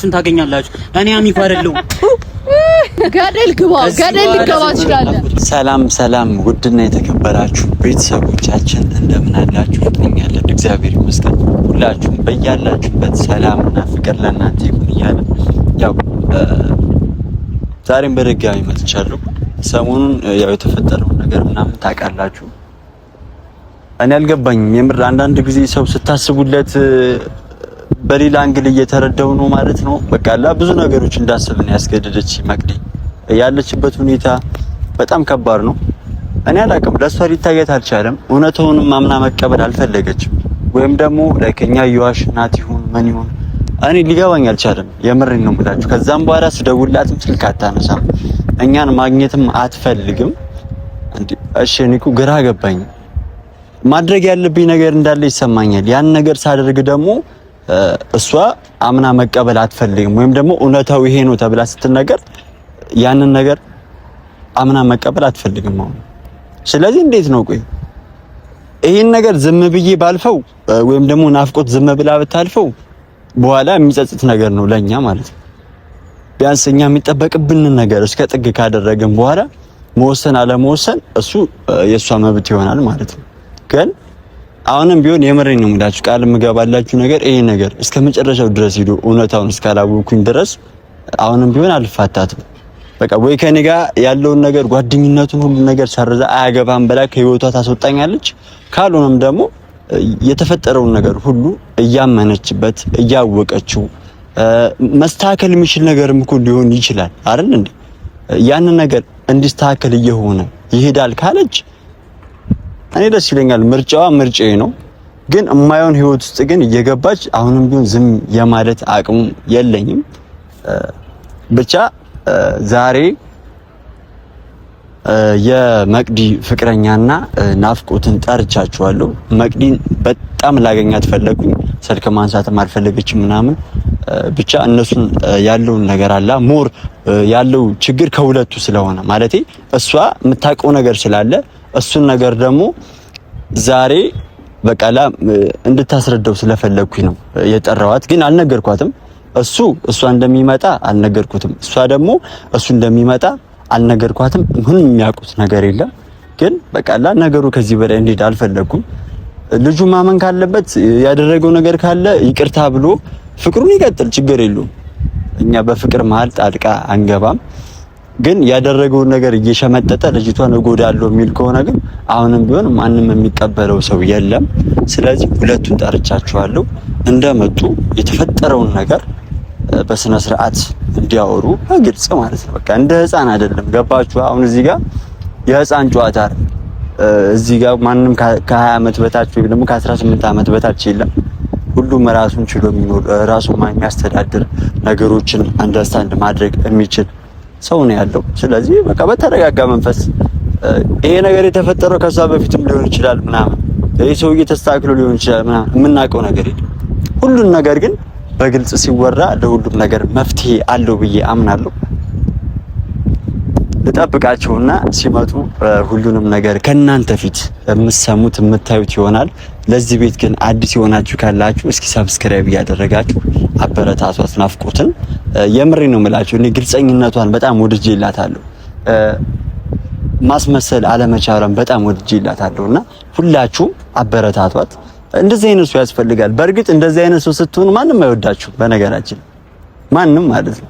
ሰዎችን ታገኛላችሁ። እኔ አሚኮ አይደለሁ። ገደል ግባ፣ ገደል ልገባ ትችላለህ። ሰላም ሰላም፣ ውድና የተከበራችሁ ቤተሰቦቻችን እንደምን አላችሁ? እኛለን እግዚአብሔር ይመስገን። ሁላችሁም በያላችሁበት ሰላምና ፍቅር ለእናንተ ይሁን እያለ ያው ዛሬም በድጋሚ መጥቻለሁ። ሰሞኑን ያው የተፈጠረው ነገር ምናምን ታውቃላችሁ። እኔ አልገባኝም የምር አንዳንድ ጊዜ ሰው ስታስቡለት በሌላ አንግል እየተረዳው ነው ማለት ነው። በቃ ብዙ ነገሮች እንዳስብ ነው ያስገደደች መቅዲ። ያለችበት ሁኔታ በጣም ከባድ ነው። እኔ አላውቅም፣ ለእሷ ሊታየት አልቻለም። እውነቱንም ማምና መቀበል አልፈለገችም። ወይም ደግሞ ለከኛ የዋሽ ናት ይሁን ምን ይሁን እኔ ሊገባኝ አልቻለም። የምር ነው ብላችሁ ከዛም በኋላ ስደውላትም ስልክ አታነሳም፣ እኛን ማግኘትም አትፈልግም። እሺ እኔ እኮ ግራ ገባኝ። ማድረግ ያለብኝ ነገር እንዳለ ይሰማኛል። ያን ነገር ሳደርግ ደግሞ እሷ አምና መቀበል አትፈልግም ወይም ደግሞ እውነታው ይሄ ነው ተብላ ስትነገር ያንን ነገር አምና መቀበል አትፈልግም አሁን። ስለዚህ እንዴት ነው ቆይ ይህን ነገር ዝም ብዬ ባልፈው ወይም ደግሞ ናፍቆት ዝም ብላ ብታልፈው በኋላ የሚጸጽት ነገር ነው ለኛ ማለት ነው። ቢያንስ እኛ የሚጠበቅብን ነገር እስከ ጥግ ካደረግን በኋላ መወሰን አለመወሰን እሱ የእሷ መብት ይሆናል ማለት ነው ግን አሁንም ቢሆን የምሬን ነው የምላችሁ። ቃል የምገባላችሁ ነገር ይሄ ነገር እስከ መጨረሻው ድረስ ሂዶ እውነታውን እስካላወኩኝ ድረስ አሁንም ቢሆን አልፋታትም። በቃ ወይ ከኔ ጋር ያለውን ነገር ጓደኝነቱን፣ ሁሉ ነገር ሰርዛ አያገባም ብላ ከህይወቷ ታስወጣኛለች። ካልሆነም ደግሞ የተፈጠረውን ነገር ሁሉ እያመነችበት እያወቀችው መስተካከል የሚችል ነገርም እኮ ሊሆን ይችላል አይደል እንዴ? ያንን ነገር እንዲስተካከል እየሆነ ይሄዳል ካለች እኔ ደስ ይለኛል። ምርጫዋ ምርጫዬ ነው። ግን የማየውን ህይወት ውስጥ ግን እየገባች አሁንም ቢሆን ዝም የማለት አቅሙ የለኝም። ብቻ ዛሬ የመቅዲ ፍቅረኛና ናፍቆትን ጠርቻችኋለሁ። መቅዲን በጣም ላገኛት ፈለጉኝ። ስልክ ማንሳትም አልፈለገች ምናምን ብቻ እነሱን ያለውን ነገር አላ ሞር ያለው ችግር ከሁለቱ ስለሆነ ማለቴ እሷ የምታውቀው ነገር ስላለ እሱን ነገር ደግሞ ዛሬ በቃላ እንድታስረዳው ስለፈለግኩኝ ነው የጠራዋት። ግን አልነገርኳትም። እሱ እሷ እንደሚመጣ አልነገርኩትም። እሷ ደግሞ እሱ እንደሚመጣ አልነገርኳትም። ምንም የሚያውቁት ነገር የለም። ግን በቃላ ነገሩ ከዚህ በላይ እንዲሄድ አልፈለግኩም። ልጁ ማመን ካለበት ያደረገው ነገር ካለ ይቅርታ ብሎ ፍቅሩን ይቀጥል፣ ችግር የለውም። እኛ በፍቅር መሀል ጣልቃ አንገባም። ግን ያደረገውን ነገር እየሸመጠጠ ልጅቷን እጎዳለሁ የሚል ከሆነ ግን አሁንም ቢሆን ማንም የሚቀበለው ሰው የለም። ስለዚህ ሁለቱን ጠርቻችኋለሁ እንደመጡ የተፈጠረውን ነገር በስነ ስርዓት እንዲያወሩ በግልጽ ማለት ነው። በቃ እንደ ህፃን አይደለም። ገባችሁ? አሁን እዚህ ጋር የህፃን ጨዋታ እዚህ ጋር ማንም ከ20 ዓመት በታች ወይም ደግሞ ከ18 ዓመት በታች የለም። ሁሉም ራሱን ችሎ የሚኖር ራሱን የሚያስተዳድር ነገሮችን አንደርስታንድ ማድረግ የሚችል ሰው ነው ያለው። ስለዚህ በቃ በተረጋጋ መንፈስ ይሄ ነገር የተፈጠረው ከሷ በፊትም ሊሆን ይችላል ምናምን ይህ ሰውዬ ተስተካክሎ ሊሆን ይችላል ምናምን የምናውቀው ነገር የለም። ሁሉን ነገር ግን በግልጽ ሲወራ ለሁሉም ነገር መፍትሄ አለው ብዬ አምናለሁ። ልጠብቃቸውና ሲመጡ ሁሉንም ነገር ከእናንተ ፊት የምትሰሙት የምታዩት ይሆናል። ለዚህ ቤት ግን አዲስ የሆናችሁ ካላችሁ እስኪ ሰብስክራይብ እያደረጋችሁ አበረታቷት ናፍቆትን የምሬ ነው የምላችሁ። እኔ ግልፀኝነቷን በጣም ይላታለሁ። ማስመሰል አለመቻሏን በጣም ወድጄላታለሁ እና ሁላችሁም አበረታቷት። እንደዚህ አይነት ሰው ያስፈልጋል። በእርግጥ እንደዚህ አይነት ሰው ስትሆኑ ማንም አይወዳችሁ። በነገራችን ማንም ማለት ነው።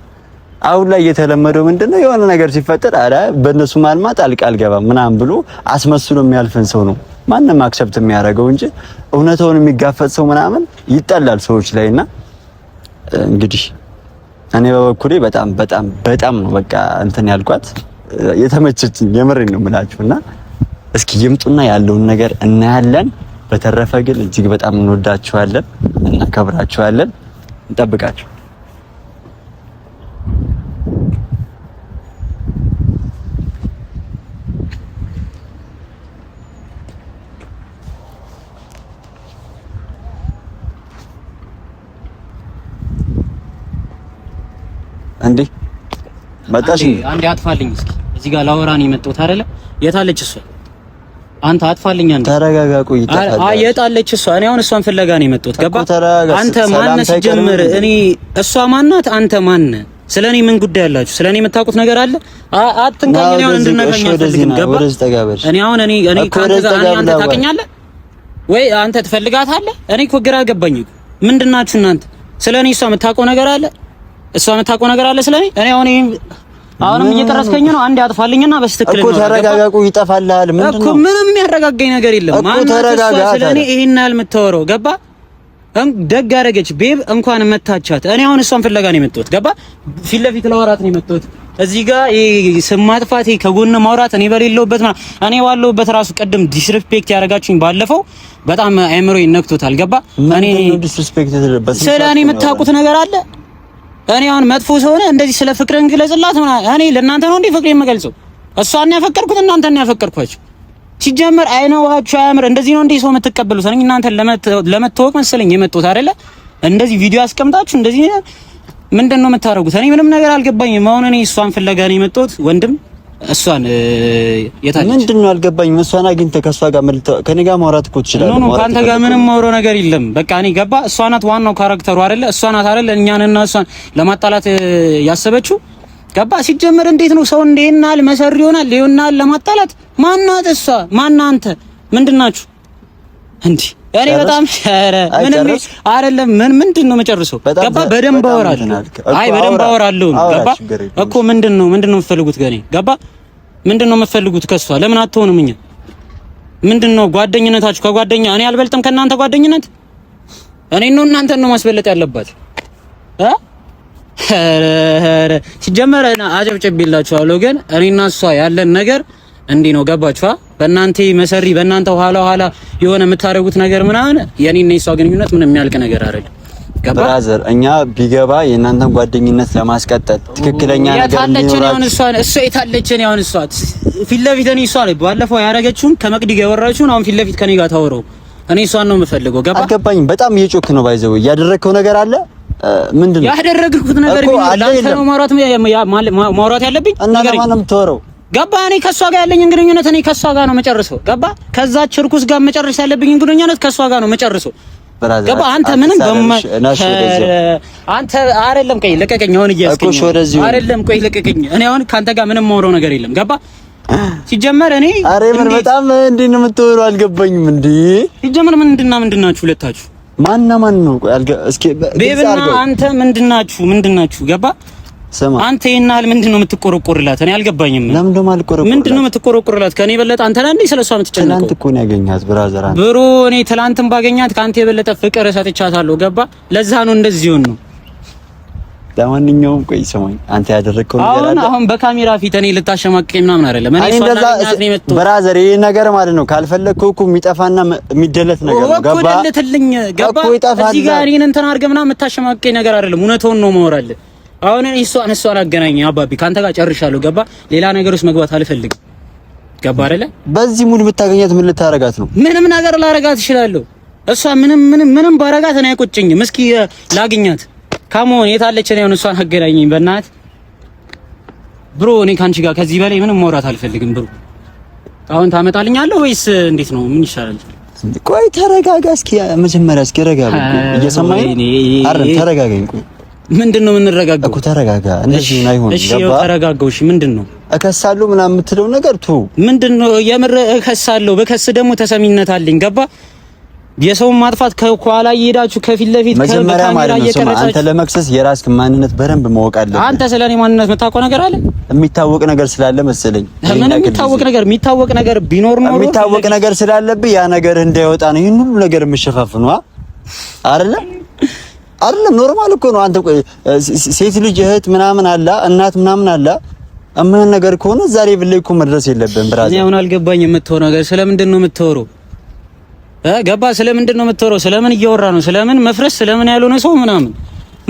አሁን ላይ የተለመደው ምንድነው የሆነ ነገር ሲፈጠር አረ በእነሱ ማልማ ጣልቃ አልገባም ምናምን ብሎ አስመስሎ የሚያልፈን ሰው ነው ማንም አክሰብት የሚያደርገው እንጂ እውነታውን የሚጋፈጥ ሰው ምናምን ይጠላል ሰዎች ላይና እንግዲህ እኔ በበኩሌ በጣም በጣም በጣም ነው በቃ እንትን ያልኳት የተመቸችኝ የምሬ ነው የምላችሁ። እና እስኪ ይምጡና ያለውን ነገር እናያለን። በተረፈ ግን እጅግ በጣም እንወዳችኋለን፣ እናከብራችኋለን፣ እንጠብቃችሁ እንዴ መጣሽ? አንዴ አጥፋልኝ እስኪ። እዚህ ጋር ላወራ ነው የመጣሁት አይደለ? የታለች እሷ? አንተ አጥፋልኝ። አንተ ተረጋጋ። ቆይ አይ የጣለች እሷ። እኔ አሁን እሷን ፍለጋ ነው የመጣሁት። ገባ? አንተ ማነህ ሲጀምር? እኔ እሷ ማናት? አንተ ማነህ? ስለኔ ምን ጉዳይ አላችሁ? ስለኔ የምታውቁት ነገር አለ? አትንካኝ። እኔ አሁን እንድነካኝ አልፈልግም። ገባህ? እኔ አሁን እኔ እኔ ካንተ ጋር አንተ ታውቀኛለህ ወይ አንተ ትፈልጋታለህ? እኔ እኮ ግራ ገባኝ። ምንድናችሁ እናንተ? ስለኔ እሷ የምታውቀው ነገር አለ? እሷ የምታውቀው ነገር አለ ስለኔ። እኔ አሁን አሁንም እየጠረስከኝ ነው። አንድ አጥፋልኝና በስትክክል እኮ ተረጋጋቁ። እኮ ይጠፋልሃል። ምንድን ነው እኮ ምንም የሚያረጋጋኝ ነገር የለም እኮ ተረጋጋ። ስለኔ ይሄን ያህል የምታወራው ገባ። ደግ አደረገች ቤብ፣ እንኳን መታቻት። እኔ አሁን እሷን ፍለጋ ነው የመጣሁት ገባ። ፊት ለፊት ለወራት ነው የመጣሁት እዚህ ጋር ስም ማጥፋት ከጎን ማውራት እኔ በሌለውበት እኔ ባለውበት ራሱ ቅድም ዲስሪስፔክት ያደረጋችሁኝ ባለፈው በጣም አእምሮዬን ይነክቶታል። ገባ እኔ ዲስሪስፔክት ስለኔ የምታውቁት ነገር አለ እኔ አሁን መጥፎ ስለሆነ እንደዚህ ስለ ፍቅርን ግለጽላት ምናምን እኔ ለእናንተ ነው እንዴ ፍቅሬን የምገልጸው? እሷን ያፈቀርኩት እናንተን ያፈቀርኳችሁ ሲጀመር አይነውሃችሁ አያምር። እንደዚህ ነው እንዴ ሰው የምትቀበሉት? እኔ እናንተን ለመተዋወቅ መሰለኝ የመጡት አይደለ? እንደዚህ ቪዲዮ አስቀምጣችሁ እንደዚህ ምንድን ነው የምታደርጉት? እኔ ምንም ነገር አልገባኝም። አሁን እኔ እሷን ፍለጋ ነው የመጡት ወንድም እሷን የታች ምንድን ነው አልገባኝም። እሷን አግኝተህ ከእሷ ጋር ከእኔ ጋር ማውራት እኮ ትችላለህ። ኖ ከአንተ ጋር ምንም ማውራው ነገር የለም። በቃ እኔ ገባ። እሷ ናት ዋናው ካራክተሩ አይደለ? እሷ ናት አይደለ? እኛንና እሷን ለማጣላት ያሰበችው ገባ። ሲጀመር እንዴት ነው ሰው እንደናል መሰሪ ይሆናል ይሆናል ለማጣላት። ማናት እሷ? ማናንተ ምንድናችሁ እንዴ? እኔ በጣም ኧረ ምንም አይደለም። ምን ምንድን ነው መጨርሶ ገባ። በደንብ አወራለሁ። አይ በደንብ አወራለሁ። ገባ እኮ ምንድን ነው ምንድን ነው የምትፈልጉት ከእኔ ገባ። ምንድን ነው የምትፈልጉት ከእሷ? ለምን አትሆኑም? እኛ ምንድን ነው ጓደኝነታችሁ? ከጓደኛ እኔ አልበልጥም ከእናንተ ጓደኝነት። እኔ ነው እናንተ ነው ማስበለጥ ያለባት እ ኧረ ሲጀመር አጨብጭቤላችኋለሁ፣ ግን እኔና እሷ ያለን ነገር እንዲህ ነው ገባችሁ? በእናንተ መሰሪ በእናንተ ኋላ ኋላ የሆነ የምታደርጉት ነገር ምናምን የኔና የሷ ግንኙነት ምንም የሚያልቅ ነገር አይደለም። ብራዘር እኛ ቢገባ የእናንተን ጓደኝነት ለማስቀጠል ትክክለኛ ነገር ሊኖር እሷ የታለችን ያውን እሷ ፊት ለፊት እኔ እሷ ላይ ባለፈው ያደረገችውን ከመቅዲ ጋር አሁን ፊት ለፊት ከኔ ጋር ታወራው። እኔ እሷን ነው የምፈልገው። ገባ አልገባኝም። በጣም እየጮክ ነው ባይዘው ያደረግከው ነገር አለ ምንድን ነው ያደረግኩት ነገር ቢኖር ለአንተ ነው ማውራት ማውራት ያለብኝ እና ለማንም ተወረው ገባ። እኔ ከሷ ጋር ያለኝ ግንኙነት እኔ ከሷ ጋር ነው መጨርሰው። ገባ። ከዛ እርኩስ ጋር መጨረስ ያለብኝ ግንኙነት ከሷ ጋር ነው መጨርሰው። ገባ። አንተ ምንም አንተ አይደለም። ቆይ ልቀቀኝ። አሁን እያስከኝ አይደለም። ቆይ ልቀቀኝ። እኔ አሁን ካንተ ጋር ምንም የማወራው ነገር የለም። ገባ። ሲጀመር እኔ አሬ ምን በጣም እንዴት ነው የምትወሩ አልገባኝም። እንዴ ሲጀመር ምን ምንድና ምንድናችሁ ሁለታችሁ? ማንና ማን ነው? እስኪ ቤብና አንተ ምንድናችሁ? ምንድናችሁ? ገባ አንተ ይናል ያህል ምንድን ነው የምትቆረቆርላት? እኔ አልገባኝም። ለምን ደማ አልቆረቆርላት? ምንድን ነው የምትቆረቆርላት? ከኔ የበለጠ አንተ ላይ ስለ ስለሷ የምትጨነቀው? ትናንት እኮ ነው ያገኛት ብራዘር። አንተ ብሩ፣ እኔ ትናንትም ባገኛት ከአንተ የበለጠ ፍቅር ሰጥቻታለሁ። ገባ? ለዛ ነው እንደዚህ ሆኖ ለማንኛውም ቆይ ሰማኝ፣ አንተ ያደረግከው ነገር አለ። አሁን በካሜራ ፊት እኔ ልታሸማቀኝ ምናምን አይደለም። እኔ እንደዛ ብራዘር፣ ይሄ ነገር ማለት ነው ካልፈለግከው እኮ የሚጠፋና የሚደለት ነገር ነው። ገባ? እኮ ደልትልኝ ገባ? እዚህ ጋር እኔን እንትን አድርገህ ምናምን የምታሸማቀኝ ነገር አይደለም። እውነቱን ነው ማወራለህ አሁን እሷን እሷን አገናኝ አባቢ፣ ከአንተ ጋር ጨርሻለሁ። ገባ ሌላ ነገር ውስጥ መግባት አልፈልግም። ገባ አይደለ? በዚህ ሙድ ብታገኛት ምን ልታረጋት ነው? ምንም ነገር ላረጋት እችላለሁ። እሷ ምንም ምንም ምንም ባረጋት እኔ አይቆጨኝም። እስኪ ላግኛት። ካሞን የታለች ነው? እሷን አገናኘኝ በእናት ብሮ። እኔ ካንቺ ጋር ከዚህ በላይ ምንም ማውራት አልፈልግም ብሮ። አሁን ታመጣልኛለህ ወይስ እንዴት ነው? ምን ይሻላል? ቆይ ተረጋጋ እስኪ፣ መጀመሪያ እስኪ ረጋ። እየሰማኸኝ አይደል? ተረጋጋኝ ቆይ ምንድን ነው የምንረጋጋው እኮ? ተረጋጋ። እንደዚህ ምን አይሆን ገባ? ተረጋጋው። እሺ ምንድን ነው እከሳለሁ ምናምን የምትለው ነገር ቱ ምንድን ነው? የምር እከሳለሁ። በከስ ደግሞ ተሰሚነት አለኝ። ገባ? የሰውን ማጥፋት ከኋላ እየሄዳችሁ ከፊት ለፊት መጀመሪያ ማለት ነው። አንተ ለመክሰስ የራስህን ማንነት በደንብ ማወቅ አለብህ። አንተ ስለ እኔ ማንነት የምታውቀው ነገር አለ? የሚታወቅ ነገር ስላለ መሰለኝ። ምንም የሚታወቅ ነገር የሚታወቅ ነገር ቢኖር ኖሮ የሚታወቅ ነገር ስላለብህ ያ ነገር እንዳይወጣ ነው ይህን ሁሉ ነገር የምሸፋፍነው አይደለ? አይደለም ኖርማል እኮ ነው። አንተ ሴት ልጅ እህት ምናምን አላ እናት ምናምን አላ እምህን ነገር ከሆነ ዛሬ ብለህ እኮ መድረስ የለብን ብራዘር። እኔ አሁን አልገባኝ የምትሆነው ነገር ስለምንድን ነው የምትወሩ? እ ገባ ስለምንድን ነው የምትወሩ? ስለምን እያወራ ነው? ስለምን መፍረስ? ስለምን ያልሆነ ሰው ምናምን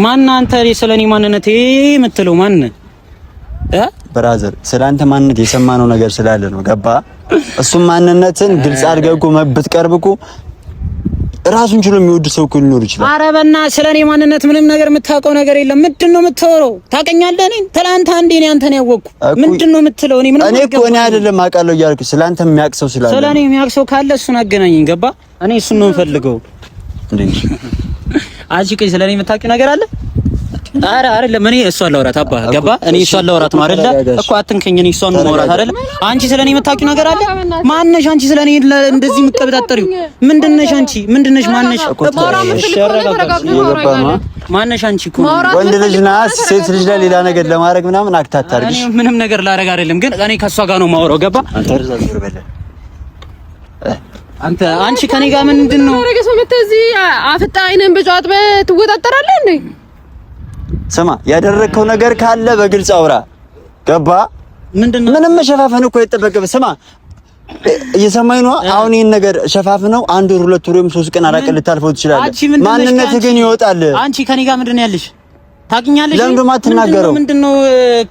ማን አንተ ስለኔ ማንነት የምትለው ማን እ ብራዘር አንተ ማንነት የሰማነው ነገር ስላለ ነው ገባ። እሱም ማንነትን ግልጽ አድርገህ እኮ መብት ቀርብ እኮ ራሱን ችሎ የሚወድ ሰው እኮ ሊኖር ይችላል። ኧረ በእናትህ ስለ እኔ ማንነት ምንም ነገር የምታውቀው ነገር የለም። ምንድን ነው የምታወራው? ታውቀኛለህ? እኔን ትናንት አንዴ እኔ አንተን ያወቅኩ ምንድን ነው የምትለው? እኔ ምንም እኔ እኮ እኔ አይደለም አውቃለሁ እያልኩ ስለ አንተ የሚያውቅ ሰው ስላለ ስለ እኔ የሚያውቅ ሰው ካለ እሱን አገናኘኝ። ገባ? እኔ እሱን ነው የምፈልገው። አንቺ ቆይ ስለ እኔ የምታውቂው ነገር አለ አረ አይደለም፣ እኔ እሷን ላውራት አባ ገባ። እኔ እሷን ላውራት ነው አይደለ እኮ አትንከኝ። እኔ እሷን ነው ማውራት አይደለ። አንቺ ስለኔ የምታውቂው ነገር አለ? ማነሽ አንቺ? ስለኔ እንደዚህ የምትቀበጣጠሪው ምንድነሽ አንቺ? ምንድነሽ? ማነሽ? ማነሽ አንቺ? እኮ ወንድ ልጅ ናት። ሴት ልጅ ላይ ሌላ ነገር ለማድረግ ምናምን አክታታርሽ። ምንም ነገር ላደርግ አይደለም፣ ግን እኔ ከእሷ ጋር ነው ማውራው። ገባ አንተ አንቺ ከኔ ጋር ምንድን ነው አፍጣ አይነን በጨዋት በትወጣጠራለህ እንዴ? ስማ፣ ያደረግከው ነገር ካለ በግልጽ አውራ። ገባ? ምንም መሸፋፈን እኮ አይጠበቅም። ስማ እየሰማኝ ነው። አሁን ይህን ነገር ሸፋፍ ነው። አንድ ወር፣ ሁለት ወር ወይም ሶስት ቀን አራቀ ልታልፈው ትችላለህ። ማንነት ግን ይወጣል። አንቺ ከኔ ጋር ምንድን ነው ያለሽ? ታውቂኛለሽ። ለምንድን ነው የማትናገረው? ምንድን ነው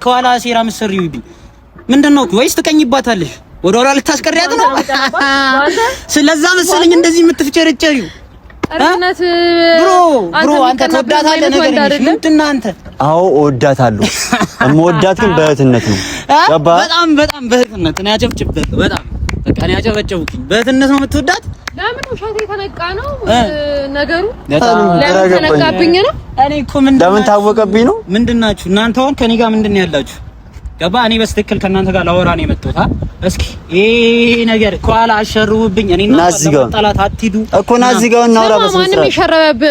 ከኋላ ሴራ የምትሰሪው? ምንድን ነው ወይስ ትቀኝባታለሽ? ወደ ኋላ ልታስቀሪያት ነው? ስለዛ መሰለኝ እንደዚህ የምትፍጨረጨሪው እርዝነት ብሮ ብሮ አንተ ነገር አንተ? አዎ እወዳታለሁ። እምወዳት ግን በእህትነት ነው። በጣም በጣም በእህትነት ነው። በጣም በቃ ነው በእህትነት ነው የምትወዳት። ለምን ውሸት የተነቃ ነው ነገሩ? ለምን ተነቃብኝ ነው? እኔ እኮ ምንድን ለምን ታወቀብኝ ነው? እናንተ አሁን ከኔ ጋር ምንድን ነው ያላችሁ? ገባ። እኔ በስትክክል ከእናንተ ጋር ላወራ ነው የመጣሁት። እስኪ ይሄ ነገር ከኋላ አሸርቡብኝ። እኔ እና ጠላት አትሂዱ እኮ ና እዚህ ጋር እናውራ። ማንም የሸረበብ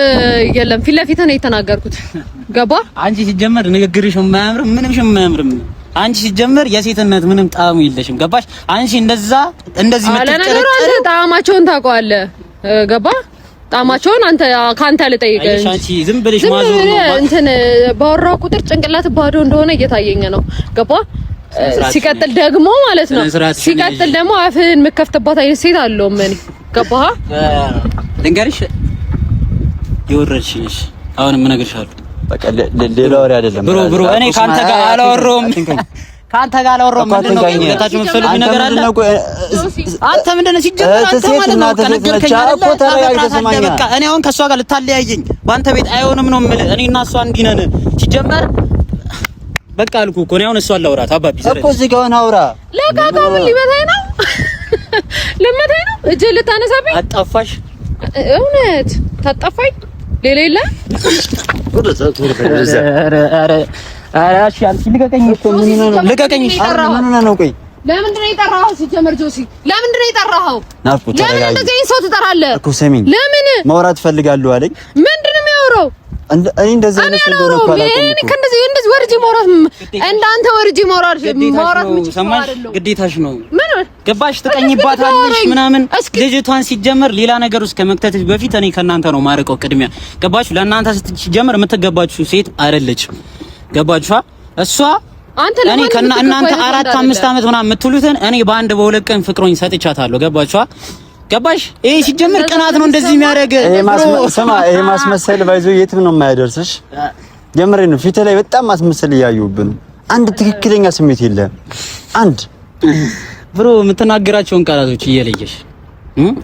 የለም። ፊት ለፊት ነው የተናገርኩት። ገባ። አንቺ ሲጀመር ንግግርሽ የማያምርም ምንምሽ የማያምርም አንቺ ሲጀመር የሴትነት ምንም ጣዕሙ የለሽም። ገባሽ? አንቺ እንደዛ እንደዚህ መጥተሽ ጣዕማቸውን ታውቀዋለህ። ገባ ጣማቸውን አንተ ካንተ ልጠይቅ አንቺ ዝም ብለሽ ማዞር ነው እንትን ባወራ ቁጥር ጭንቅላት ባዶ እንደሆነ እየታየኝ ነው። ገባ? ሲቀጥል ደግሞ ማለት ነው ሲቀጥል ደግሞ አፍህን የምከፍትባት አይነት ሴት አለው። ምን ገባ ልንገርሽ፣ የወረድሽ ነሽ። አሁን ምን እነግርሻለሁ። በቃ ሌላ ወሬ አይደለም ብሮ ብሮ እኔ ካንተ ጋር አላወራሁም ከአንተ ጋር ላወራው ምንድን ነው? ነገር አንተ ምንድን ነው አንተ ማለት ነው በቃ ነገርከኝ አይደለ? በቃ እኔ አሁን ከእሷ ጋር ልታለያየኝ በአንተ ቤት አይሆንም ነው የምልህ። እኔ እና እሷ እንዲህ ነን ሲጀመር በቃ አልኩ እኮ እኔ አሁን እሷ አላወራት አባቢ እኮ እዚህ ጋር አውራ ለካካ ምን ሊመታኝ ነው? ልመታኝ ነው? እጄ ልታነሳብኝ አጣፋሽ። እውነት ታጣፋኝ። ሌላ የለ አራሽ አንቺ ልቀቀኝ እኮ ምን ሆነ ነው? ልቀቀኝ። ኧረ ምን ሆነ ነው? ቆይ ለምንድን ነው የጠራኸው? ሲጀመር ጆሲ ለምንድን ነው የጠራኸው? ናፍቆት ለምን እንደዚህ ሰው ትጠራለህ እኮ? ስሚኝ፣ ለምን ማውራት እፈልጋለሁ አለኝ። ምንድን ነው የሚያወራው? እኔ እንደዚህ አይነት እኮ አላውቅም። ከእንደዚህ እንደዚህ ወርጄ ማውራት እንዳንተ ወርጄ ማውራት ማውራት ግዴታሽ ነው። ምን ገባሽ? ትቀኝባታለሽ ምናምን። ልጅቷን ሲጀመር ሌላ ነገር ውስጥ በፊት እኔ ከእናንተ ነው ማርቀው ቅድሚያ። ገባችሁ? ለእናንተ ስትጀመር የምትገባችሁ ሴት አይደለችም። ገባችኋ? እሷ አንተ ለምን እኔ ከና እናንተ አራት አምስት አመት ምናምን የምትሉትን እኔ በአንድ በሁለት ቀን ፍቅሮኝ ሰጥቻታለሁ። ገባችኋ? ገባሽ? ይሄ ሲጀምር ቅናት ነው እንደዚህ የሚያደርግ። ይሄ ማስመሰል ባይዞ የትም ነው የማያደርስሽ። ጀምሬ ነው ፊት ላይ በጣም ማስመሰል እያዩብን። አንድ ትክክለኛ ስሜት የለም። አንድ ብሮ የምትናገራቸውን ቃላቶች እየለየሽ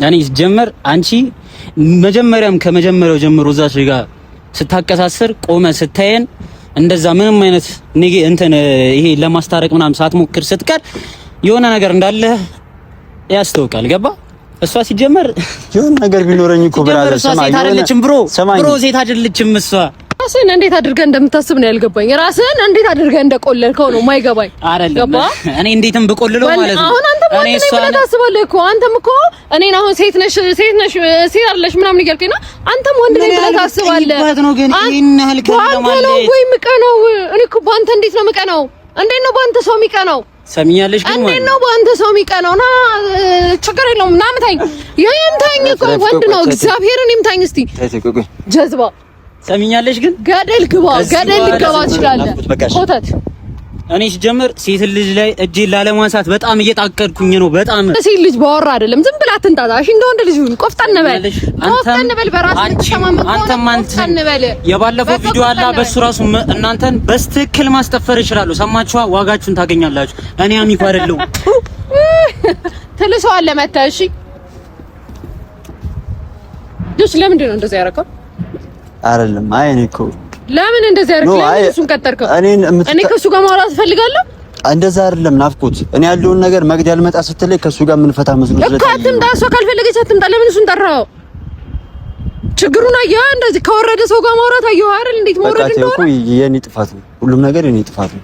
እኔ ሲጀምር አንቺ መጀመሪያም ከመጀመሪያው ጀምሮ እዛች ጋር ስታቀሳስር ቆመ ስታየን እንደዛ ምንም አይነት ንግ እንትን ይሄ ለማስታረቅ ምናምን ሳትሞክር ስትቀር የሆነ ነገር እንዳለ ያስታውቃል። ገባ እሷ ሲጀመር የሆነ ነገር ቢኖረኝ እኮ ብራ ብሮ ሴት አይደለችም እሷ ራስህን እንዴት አድርገህ እንደምታስብ ነው ያልገባኝ። ራስህን እንዴት አድርገህ እንደቆለልከው ነው የማይገባኝ። አይደለም እኔ እንዴትም ብቆልለው ማለት ነው። አሁን አንተም እኔ ብለህ ታስባለህ እኮ አንተም እኮ እኔን አሁን ሴት ነሽ ሴት ነሽ ሴት አይደለሽ ምናምን እያልከኝ ነው። አንተም ወንድ ነኝ ብለህ ታስባለህ። ወይ ምቀነው? እኔ እኮ በአንተ እንዴት ነው ምቀነው? እንዴት ነው በአንተ ሰው የሚቀነው? ሰሚኛለሽ ግን እንዴት ነው በአንተ ሰው የሚቀነው? ና ችግር የለውም ና ምታኝ፣ እኮ ወንድ ነው እግዚአብሔርን ይምታኝ። እስቲ ጀዝባ ሰሚኛለሽ ግን ገደል ግባ፣ ገደል ልገባ ትችላለህ። ኮተት እኔ ሲጀምር ሴት ልጅ ላይ እጅ ላለማንሳት በጣም እየጣቀድኩኝ ነው። በጣም ሴት ልጅ ባወራ አይደለም ዝም ብላ አትንጣጣ። እሺ እንደ ወንድ ልጅ ሁን፣ ቆፍጠን በል፣ ቆፍጠን በል፣ በራስህ ተማመን። አንተም አንተን በል። የባለፈው ቪዲዮ አላ በሱ ራሱ እናንተን በስትክክል ማስጠፈር እችላለሁ። ሰማችኋ? ዋጋችሁን ታገኛላችሁ። እኔ አሚኮ አይደለሁ ትልሰዋለህ መተህ። እሺ ዱስ ለምንድን ነው እንደዛ ያደረከው? አይደለም። አይ እኔ እኮ ለምን እንደዚህ አርክ? ለምን እሱን ቀጠርከው? እኔን እምት እኔ ከሱ ጋር ማውራት ፈልጋለሁ። እንደዛ አይደለም ናፍቆት። እኔ ያለውን ነገር መግድ ያልመጣ ስትለይ ከሱ ጋር ምን ፈታ መስሎ ስለታየ እኮ አትምጣ፣ እሷ ካልፈለገች አትምጣ። ለምን እሱን ጠራው? ችግሩን አየኸው? እንደዚህ ከወረደ ሰው ጋር ማውራት አየኸው አይደል? እንዴት መውረድ እንደሆነ በቃ የኔ ጥፋት ነው። ሁሉም ነገር የኔ ጥፋት ነው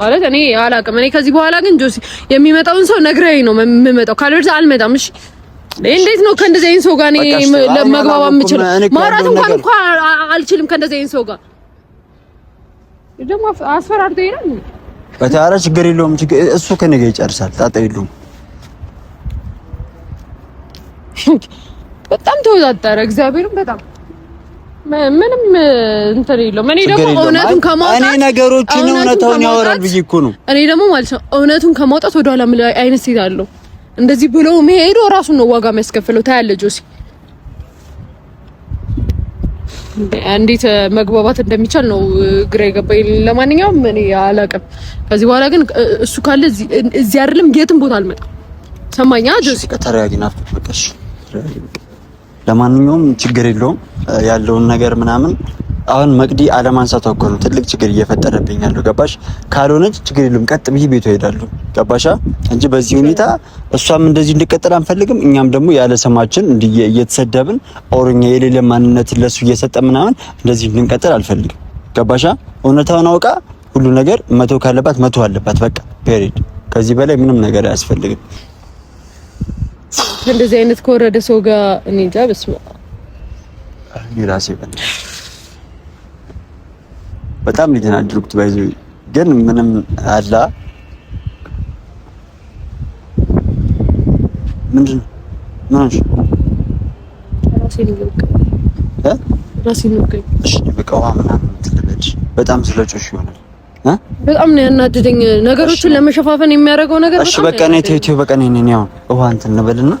ማለት እኔ አላውቅም። እኔ ከዚህ በኋላ ግን ጆሲ የሚመጣውን ሰው ነግረኸኝ ነው የምመጣው። ካልበለዚያ አልመጣም። እሺ እንዴት ነው ከእንደዚህ አይነት ሰው ጋር እኔ ለመግባባት የምችለው? ማውራት እንኳን እንኳን አልችልም ከእንደዚህ አይነት ሰው ጋር ደግሞ አስፈራርቶ ይላል። በታረ ችግር የለውም እሱ ከእኔ ጋር ይጨርሳል። ጣጣ የለውም። በጣም ተወዛጠረ። እግዚአብሔርም በጣም ምንም እንትን የለውም። እኔ ደግሞ እውነቱን ከማውጣት እኔ ነገሮችን እውነታውን ያወራል ብዬ እኮ ነው። እኔ ደግሞ ማለት ነው እውነቱን ከማውጣት ወደኋላ ምን አይነት ሴት አለው እንደዚህ ብሎ መሄዱ ራሱን ነው ዋጋ የሚያስከፍለው። ታያለ ጆሲ እንዴት መግባባት እንደሚቻል ነው ግራ የገባኝ። ለማንኛውም እኔ አላውቅም። ከዚህ በኋላ ግን እሱ ካለ እዚህ አይደለም የትም ቦታ አልመጣም። ሰማኛ ጆሲ ከተረጋጊ ናፍቆት በቃሽ። ለማንኛውም ችግር የለውም ያለውን ነገር ምናምን አሁን መቅዲ አለማንሳቷ እኮ ነው ትልቅ ችግር እየፈጠረብኝ ያለው ገባሽ? ካልሆነች ችግር የለም ቀጥ ብዬ ቤቷ እሄዳለሁ ገባሻ? እንጂ በዚህ ሁኔታ እሷም እንደዚህ እንድቀጥል አንፈልግም። እኛም ደግሞ ያለ ስማችን እየተሰደብን ኦሮኛ የሌለ ማንነት ለሱ እየሰጠ ምናምን እንደዚህ እንድንቀጥል አልፈልግም። ገባሻ? እውነታውን አውቃ ሁሉ ነገር መቶ ካለባት መቶ አለባት። በቃ ፔሪድ። ከዚህ በላይ ምንም ነገር አያስፈልግም። እንደዚህ አይነት ከወረደ ሰው ጋር እኔ እንጃ። በስመ አብ ራሴ በጣም ልጅ ናት ባይዞ ግን ምንም አላ ምንድን ነው በጣም ስለጮሽ ይሆናል። በጣም ነው ያናደደኝ ነገሮችን ለመሸፋፈን የሚያደርገው ነገር። እሺ በቃ ነው ቴቴው በቃ ነው ነው ያው ውሃ እንትን እንበልና